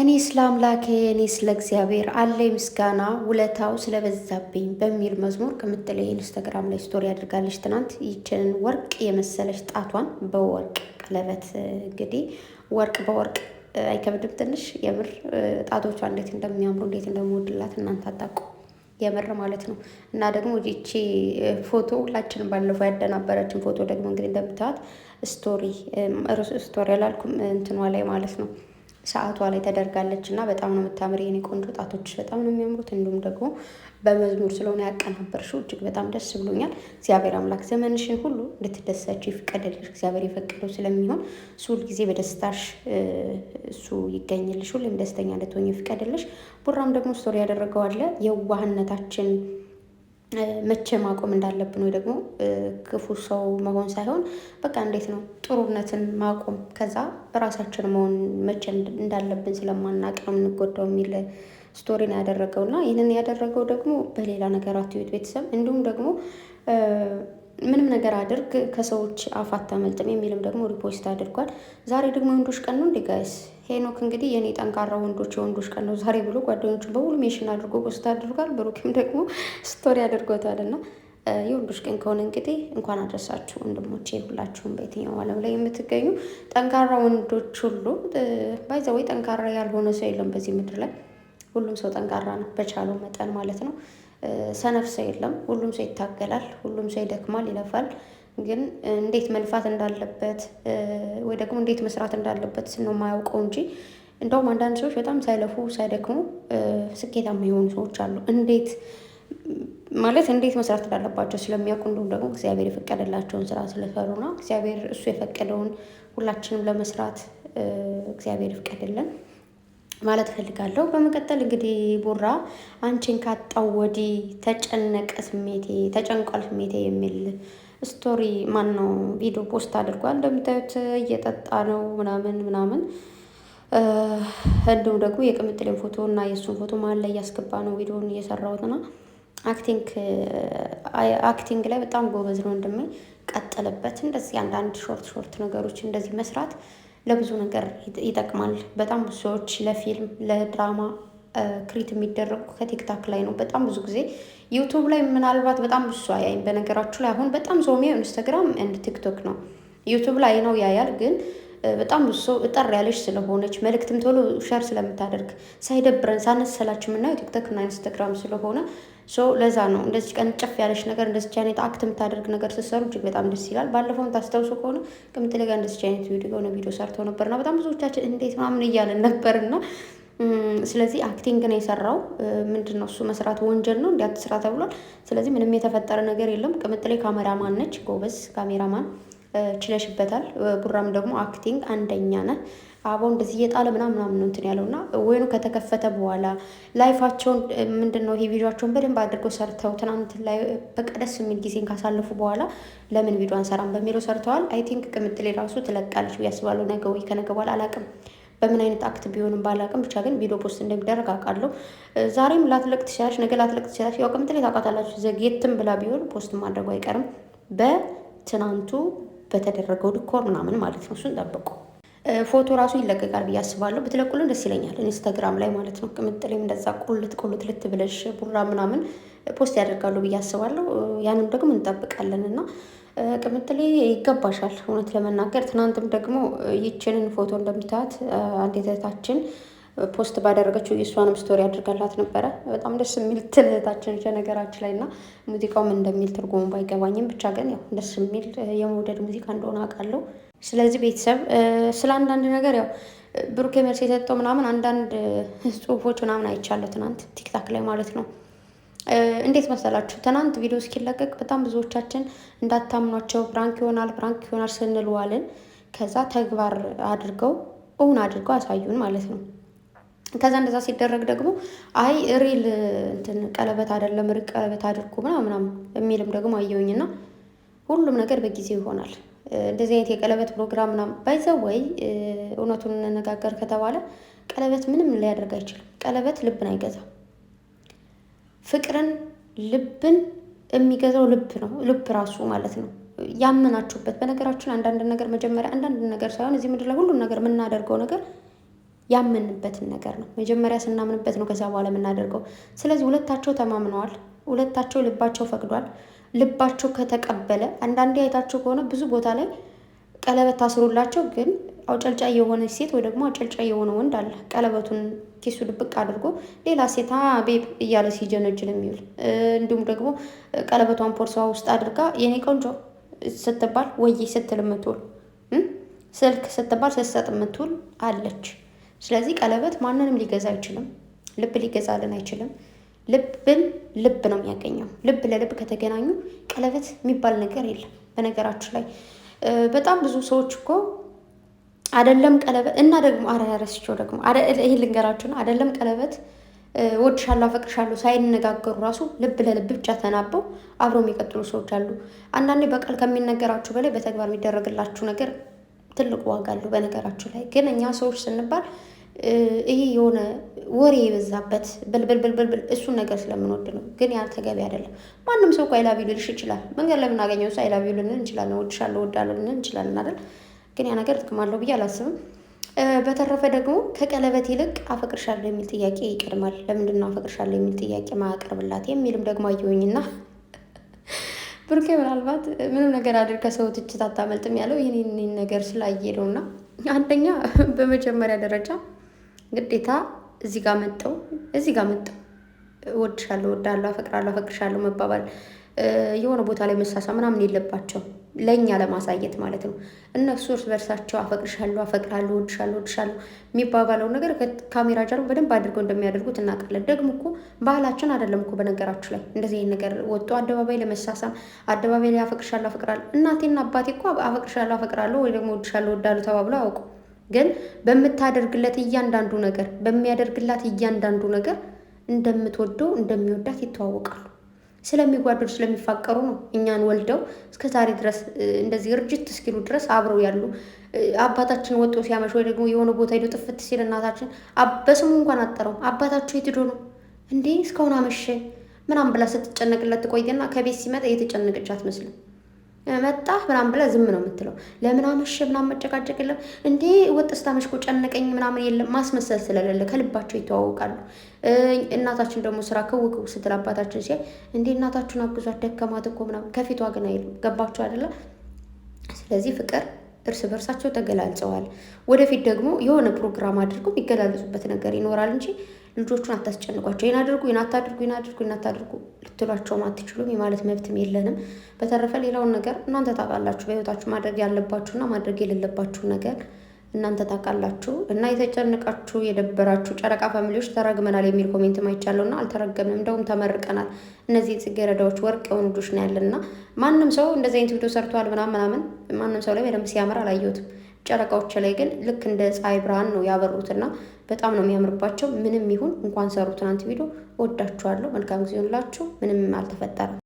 አምላኬ ለአምላኬ ስለ እግዚአብሔር አለኝ ምስጋና ውለታው ስለበዛብኝ በሚል መዝሙር ቅምጥሌ ኢንስታግራም ላይ ስቶሪ አድርጋለች። ትናንት ይችን ወርቅ የመሰለች ጣቷን በወርቅ ቀለበት እንግዲህ ወርቅ በወርቅ አይከብድም ትንሽ የምር ጣቶቿ እንዴት እንደሚያምሩ እንዴት እንደምወድላት እናንተ አታውቁ የምር ማለት ነው። እና ደግሞ ይቺ ፎቶ ሁላችንም ባለፈው ያደናበረችን ፎቶ ደግሞ እንግዲህ እንደምታዩት ስቶሪ ስቶሪ አላልኩም እንትኗ ላይ ማለት ነው ሰዓቷ ላይ ተደርጋለች እና በጣም ነው የምታምር። የኔ ቆንጆ ጣቶች በጣም ነው የሚያምሩት። እንዲሁም ደግሞ በመዝሙር ስለሆነ ያቀናበርሽው እጅግ በጣም ደስ ብሎኛል። እግዚአብሔር አምላክ ዘመንሽን ሁሉ እንድትደሳች ይፍቀድልሽ። እግዚአብሔር የፈቀደው ስለሚሆን እሱ ሁልጊዜ በደስታሽ እሱ ይገኝልሽ። ሁሌም ደስተኛ እንድትሆኝ ይፍቀድልሽ። ቡራም ደግሞ ስቶሪ ያደረገው የዋህነታችን መቼ ማቆም እንዳለብን ወይ ደግሞ ክፉ ሰው መሆን ሳይሆን በቃ እንዴት ነው ጥሩነትን ማቆም ከዛ ራሳችን መሆን መቼ እንዳለብን ስለማናቅ ነው የምንጎዳው የሚል ስቶሪ ነው ያደረገው እና ይህንን ያደረገው ደግሞ በሌላ ነገር አትዩት ቤተሰብ እንዲሁም ደግሞ ምንም ነገር አድርግ ከሰዎች አፍ አታመልጥም የሚልም ደግሞ ሪፖስት አድርጓል። ዛሬ ደግሞ የወንዶች ቀን ነው እንዴ ጋይስ? ሄኖክ እንግዲህ የኔ ጠንካራ ወንዶች የወንዶች ቀን ነው ዛሬ ብሎ ጓደኞቹ በሙሉ ሜሽን አድርጎ ፖስት አድርጓል። ብሩክም ደግሞ ስቶሪ አድርጎታል እና የወንዶች ቀን ከሆነ እንግዲህ እንኳን አደረሳችሁ ወንድሞቼ፣ ሁላችሁም በየትኛው ዓለም ላይ የምትገኙ ጠንካራ ወንዶች ሁሉ ባይዛ ወይ ጠንካራ ያልሆነ ሰው የለም በዚህ ምድር ላይ ሁሉም ሰው ጠንካራ ነው፣ በቻለው መጠን ማለት ነው። ሰነፍ ሰው የለም። ሁሉም ሰው ይታገላል፣ ሁሉም ሰው ይደክማል፣ ይለፋል። ግን እንዴት መልፋት እንዳለበት ወይ ደግሞ እንዴት መስራት እንዳለበት ስነው የማያውቀው እንጂ እንደውም አንዳንድ ሰዎች በጣም ሳይለፉ ሳይደክሙ ስኬታማ የሆኑ ሰዎች አሉ። እንዴት ማለት እንዴት መስራት እንዳለባቸው ስለሚያውቁ እንዲሁም ደግሞ እግዚአብሔር የፈቀደላቸውን ስራ ስለሰሩ ነው። እግዚአብሔር እሱ የፈቀደውን ሁላችንም ለመስራት እግዚአብሔር ይፍቀድልን። ማለት እፈልጋለሁ። በመቀጠል እንግዲህ ቡራ አንቺን ካጣው ወዲህ ተጨነቀ ስሜቴ ተጨንቋል ስሜቴ የሚል ስቶሪ ማን ነው ቪዲዮ ፖስት አድርጓል። እንደምታዩት እየጠጣ ነው ምናምን ምናምን እንዲሁም ደግሞ የቅምጥሌን ፎቶ እና የእሱን ፎቶ መሀል ላይ እያስገባ ነው ቪዲዮን እየሰራሁት እና አክቲንግ አክቲንግ ላይ በጣም ጎበዝ ነው ወንድሜ፣ ቀጥልበት። እንደዚህ አንዳንድ ሾርት ሾርት ነገሮች እንደዚህ መስራት ለብዙ ነገር ይጠቅማል። በጣም ብዙ ሰዎች ለፊልም ለድራማ ክሪት የሚደረጉ ከቲክታክ ላይ ነው። በጣም ብዙ ጊዜ ዩቱብ ላይ ምናልባት በጣም ብዙ ሰው አያይም። በነገራችሁ ላይ አሁን በጣም ሰው የሚያየው ኢንስታግራም እንድ ቲክቶክ ነው። ዩቱብ ላይ ነው ያያል ግን በጣም ብዙ ሰው እጠር ያለች ስለሆነች መልእክትም ቶሎ ሸር ስለምታደርግ ሳይደብረን ሳነሰላች የምናየው ቲክቶክ እና ኢንስታግራም ስለሆነ ሰው ለዛ ነው እንደዚህ ቀን ጨፍ ያለች ነገር እንደዚች አይነት አክት የምታደርግ ነገር ስትሰሩ እጅግ በጣም ደስ ይላል። ባለፈውም ታስታውሱ ከሆነ ቅምጥሌ ጋር እንደዚች አይነት ቪዲዮ የሆነ ቪዲዮ ሰርቶ ነበርና በጣም ብዙዎቻችን እንዴት ምናምን እያለን ነበርና ስለዚህ አክቲንግ ነው የሰራው። ምንድን ነው እሱ መስራት ወንጀል ነው እንዲያት ስራ ተብሏል። ስለዚህ ምንም የተፈጠረ ነገር የለም። ቅምጥሌ ካሜራማን ነች፣ ጎበዝ ካሜራማን ችለሽበታል። ቡራም ደግሞ አክቲንግ አንደኛ ነ አበባው እንደዚህ እየጣለ ምናምን ምናምን ነው እንትን ያለው እና ወይኑ ከተከፈተ በኋላ ላይፋቸውን ምንድን ነው ይሄ ቪዲዮቸውን በደንብ አድርገው ሰርተው ትናንት ላይ በቃ ደስ የሚል ጊዜን ካሳለፉ በኋላ ለምን ቪዲዮ አንሰራም በሚለው ሰርተዋል። አይ ቲንክ ቅምጥሌ ራሱ ትለቃለች ያስባለው ነገ ወይ ከነገ በኋላ አላቅም በምን አይነት አክት ቢሆንም ባላቅም ብቻ ግን ቪዲዮ ፖስት እንደሚደረግ አውቃለሁ። ዛሬም ላትለቅ ትችላለች፣ ነገ ላትለቅ ትችላለች። ያው ቅምጥሌ ታውቃታላችሁ፣ ዘግየትም ብላ ቢሆን ፖስት ማድረጉ አይቀርም በትናንቱ በተደረገው ድኮር ምናምን ማለት ነው። እሱን ጠብቁ። ፎቶ ራሱ ይለቀቃል ብዬ አስባለሁ። ብትለቁልን ደስ ይለኛል። ኢንስታግራም ላይ ማለት ነው። ቅምጥሌም እንደዛ ቁልት ቁልት ልት ብለሽ ቡራ ምናምን ፖስት ያደርጋሉ ብዬ አስባለሁ። ያንም ደግሞ እንጠብቃለን እና ቅምጥሌ ይገባሻል፣ እውነት ለመናገር ትናንትም ደግሞ ይችንን ፎቶ እንደምታያት አንዴ እህታችን ፖስት ባደረገችው የእሷንም ስቶሪ አድርገላት ነበረ። በጣም ደስ የሚል ትልህታችን ነገራችን ላይ እና ሙዚቃውም እንደሚል ትርጉሙ ባይገባኝም ብቻ ግን ያው ደስ የሚል የመውደድ ሙዚቃ እንደሆነ አውቃለሁ። ስለዚህ ቤተሰብ ስለ አንዳንድ ነገር ያው ብሩክ መልስ የሰጠው ምናምን አንዳንድ ጽሁፎች ምናምን አይቻለሁ ትናንት ቲክታክ ላይ ማለት ነው። እንዴት መሰላችሁ? ትናንት ቪዲዮ እስኪለቀቅ በጣም ብዙዎቻችን እንዳታምኗቸው ፕራንክ ይሆናል ፕራንክ ይሆናል ስንል ዋልን። ከዛ ተግባር አድርገው እውን አድርገው አሳዩን ማለት ነው። ከዛ እንደዛ ሲደረግ ደግሞ አይ ሪል እንትን ቀለበት አይደለም ሪል ቀለበት አድርጉ ምናምን የሚልም ደግሞ አየውኝና ሁሉም ነገር በጊዜው ይሆናል። እንደዚህ አይነት የቀለበት ፕሮግራም ምናምን ባይዘ ወይ እውነቱን እንነጋገር ከተባለ ቀለበት ምንም ሊያደርግ አይችልም። ቀለበት ልብን አይገዛም። ፍቅርን፣ ልብን የሚገዛው ልብ ነው። ልብ ራሱ ማለት ነው። ያመናችሁበት በነገራችን አንዳንድ ነገር መጀመሪያ አንዳንድ ነገር ሳይሆን እዚህ ምድር ላይ ሁሉም ነገር የምናደርገው ነገር ያመንበትን ነገር ነው። መጀመሪያ ስናምንበት ነው ከዚያ በኋላ የምናደርገው። ስለዚህ ሁለታቸው ተማምነዋል። ሁለታቸው ልባቸው ፈቅዷል። ልባቸው ከተቀበለ አንዳንዴ አይታቸው ከሆነ ብዙ ቦታ ላይ ቀለበት ታስሩላቸው፣ ግን አውጨልጫይ የሆነ ሴት ወይ ደግሞ አውጨልጫይ የሆነ ወንድ አለ ቀለበቱን ኪሱ ድብቅ አድርጎ ሌላ ሴት ቤብ እያለ ሲጀነጅል የሚውል እንዲሁም ደግሞ ቀለበቷን ፖርሷ ውስጥ አድርጋ የኔ ቆንጆ ስትባል ወይ ስትል የምትውል ስልክ ስትባል ስትሰጥ የምትውል አለች። ስለዚህ ቀለበት ማንንም ሊገዛ አይችልም። ልብ ሊገዛልን አይችልም። ልብን ልብ ነው የሚያገኘው። ልብ ለልብ ከተገናኙ ቀለበት የሚባል ነገር የለም። በነገራችን ላይ በጣም ብዙ ሰዎች እኮ አደለም ቀለበት እና ደግሞ አረረስቸው ደግሞ ይህ ልንገራችሁ ነው። አደለም ቀለበት እወድሻለሁ፣ አፈቅርሻለሁ ሳይነጋገሩ ራሱ ልብ ለልብ ብቻ ተናበው አብረው የሚቀጥሉ ሰዎች አሉ። አንዳንዴ በቃል ከሚነገራችሁ በላይ በተግባር የሚደረግላችሁ ነገር ትልቁ ዋጋ አለው። በነገራችሁ ላይ ግን እኛ ሰዎች ስንባል ይሄ የሆነ ወሬ የበዛበት በልበልበልበልበል እሱን ነገር ስለምንወድ ነው። ግን ያ ተገቢ አይደለም። ማንም ሰው እኮ አይላቢው ልልሽ ይችላል። መንገድ ለምናገኘው ሰው አይላቢው ልንል እንችላለን። ወድሻለሁ፣ እወድሃለሁ ልንል እንችላለን አይደል? ግን ያ ነገር ጥቅም አለው ብዬ አላስብም። በተረፈ ደግሞ ከቀለበት ይልቅ አፈቅርሻለሁ የሚል ጥያቄ ይቀድማል። ለምንድን ነው አፈቅርሻለሁ የሚል ጥያቄ ማያቀርብላት የሚልም ደግሞ አየሁኝና ብሩኬ ምናልባት ምንም ነገር አድር ከሰው ትችት አታመልጥም ያለው ይህንን ነገር ስላየ ነውና አንደኛ በመጀመሪያ ደረጃ ግዴታ እዚህ ጋር መጠው እዚህ ጋር መጠው እወድሻለሁ፣ እወዳለሁ፣ አፈቅራለሁ፣ አፈቅርሻለሁ መባባል የሆነ ቦታ ላይ መሳሳ ምናምን የለባቸው ለእኛ ለማሳየት ማለት ነው። እነሱ እርስ በርሳቸው አፈቅርሻለሁ፣ አፈቅራለሁ፣ እወድሻለሁ፣ እወድሻለሁ የሚባባለው ነገር ካሜራ ጀርባ በደንብ አድርገው እንደሚያደርጉት እናውቃለን። ደግሞ እኮ ባህላችን አይደለም እኮ በነገራችሁ ላይ እንደዚህ ይሄን ነገር ወጡ አደባባይ ለመሳሳም አደባባይ ላይ አፈቅርሻለሁ፣ አፈቅራለሁ እናቴና አባቴ እኮ አፈቅርሻለሁ፣ አፈቅራለሁ ወይ ደግሞ እወድሻለሁ፣ እወዳለሁ ተባብለው አያውቁም። ግን በምታደርግለት እያንዳንዱ ነገር በሚያደርግላት እያንዳንዱ ነገር እንደምትወደው እንደሚወዳት ይተዋወቃሉ። ስለሚጓደዱ ስለሚፋቀሩ ነው። እኛን ወልደው እስከ ዛሬ ድረስ እንደዚህ እርጅት እስኪሉ ድረስ አብረው ያሉ። አባታችን ወጦ ሲያመሽ ወይ ደግሞ የሆነ ቦታ ሄዶ ጥፍት ሲል እናታችን በስሙ እንኳን አጠረው አባታችሁ የት ሄዶ ነው እንዲህ እስካሁን አመሸ ምናምን ብላ ስትጨነቅለት ትቆይና ከቤት ሲመጣ እየተጨነቀች አትመስልም። መጣህ ምናምን ብላ ዝም ነው የምትለው። ለምን አመሸ ምናምን መጨቃጨቅ የለም እንዴ ወጥ ስታመሽ እኮ ጨነቀኝ ምናምን የለም። ማስመሰል ስለሌለ ከልባቸው ይተዋወቃሉ። እናታችን ደግሞ ስራ ክውክው ስትል አባታችን ሲያይ እንዴ እናታችሁን አግዟት ደከማት እኮ ምናምን ከፊቷ ግን አይልም። ገባችሁ አይደለ? ስለዚህ ፍቅር እርስ በርሳቸው ተገላልጸዋል። ወደፊት ደግሞ የሆነ ፕሮግራም አድርገው የሚገላለጹበት ነገር ይኖራል እንጂ ልጆቹን አታስጨንቋቸው። ይህን አድርጉ፣ ይህን አታድርጉ፣ ይህን አድርጉ፣ ይህን አታድርጉ ልትሏቸውም አትችሉም። የማለት መብትም የለንም። በተረፈ ሌላውን ነገር እናንተ ታውቃላችሁ። በህይወታችሁ ማድረግ ያለባችሁና ማድረግ የሌለባችሁ ነገር እናንተ ታውቃላችሁ። እና የተጨነቃችሁ የደበራችሁ ጨረቃ ፋሚሊዎች ተረግመናል የሚል ኮሜንት አይቻለሁ እና አልተረገምንም፣ እንደውም ተመርቀናል። እነዚህን ጽጌረዳዎች ወርቅ የሆኑ ልጆች ነው ያለን እና ማንም ሰው እንደዚህ አይነት ቪዲዮ ሰርተዋል ምናምን ምናምን ማንም ሰው ላይ በደንብ ሲያምር አላየሁትም። ጨረቃዎች ላይ ግን ልክ እንደ ፀሐይ ብርሃን ነው ያበሩትና በጣም ነው የሚያምርባቸው። ምንም ይሁን እንኳን ሰሩ ትናንት ቪዲዮ እወዳችኋለሁ። መልካም ጊዜ ሆንላችሁ። ምንም አልተፈጠረም።